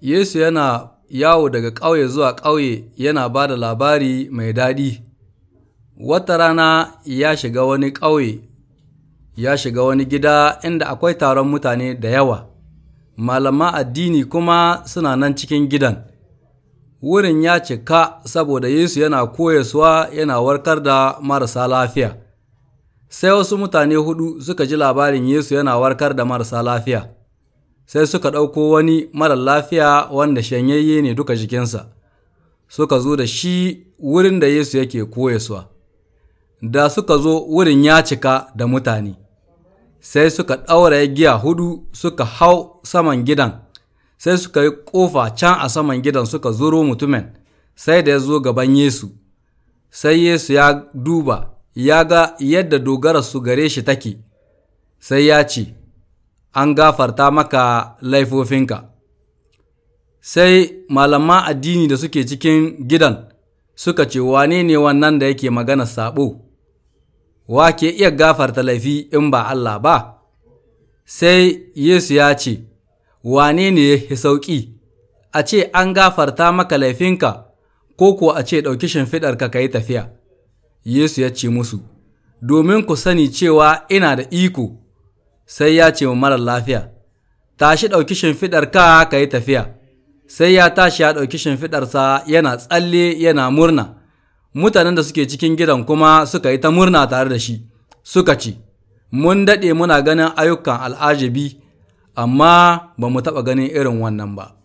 Yesu yana yawo daga ƙauye zuwa ƙauye yana ba da labari mai daɗi. Wata rana ya shiga wani ƙauye, ya shiga wani gida inda akwai taron mutane da yawa, malama addini kuma suna nan cikin gidan. Wurin ya cika saboda Yesu yana koyaswa yana warkar da marasa lafiya. Sai wasu mutane hudu suka ji labarin Yesu yana warkar da marasa lafiya. sai suka ɗauko wani mara lafiya wanda shanyayye ne duka jikinsa, suka zo da shi wurin da Yesu yake koyaswa. Da suka zo wurin ya cika da mutane, sai suka ɗauraye giya hudu suka hau saman gidan, sai suka yi ƙofa can a saman gidan suka zuro mutumin, sai da ya zo gaban Yesu, sai Yesu ya duba, ya ga yadda dogara su gare shi take, sai ya ce, an gafarta maka laifofinka sai malama addini da suke cikin gidan suka ce wane ne wannan da yake magana sabo wa ke iya gafarta laifi in ba Allah ba sai Yesu ya ce wane ne ya sauƙi a ce an gafarta maka laifinka ko ko a ce ɗauki shimfiɗarka ka yi tafiya Yesu ya ce musu domin ku sani cewa ina da iko sai ya ce wa marar lafiya, Tashi ɗauki shimfiɗar ka ka yi tafiya, sai ya tashi ya ɗauki shimfiɗarsa yana tsalle yana murna, mutanen da suke cikin gidan kuma suka yi ta murna tare da shi, suka ce, Mun daɗe muna ganin ayyukan al'ajabi, amma ba mu taɓa ganin irin wannan ba.